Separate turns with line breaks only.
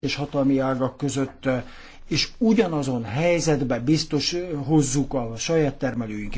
és hatalmi ágak között, eh, és ugyanazon helyzetbe biztos eh, hozzuk a saját termelőinket.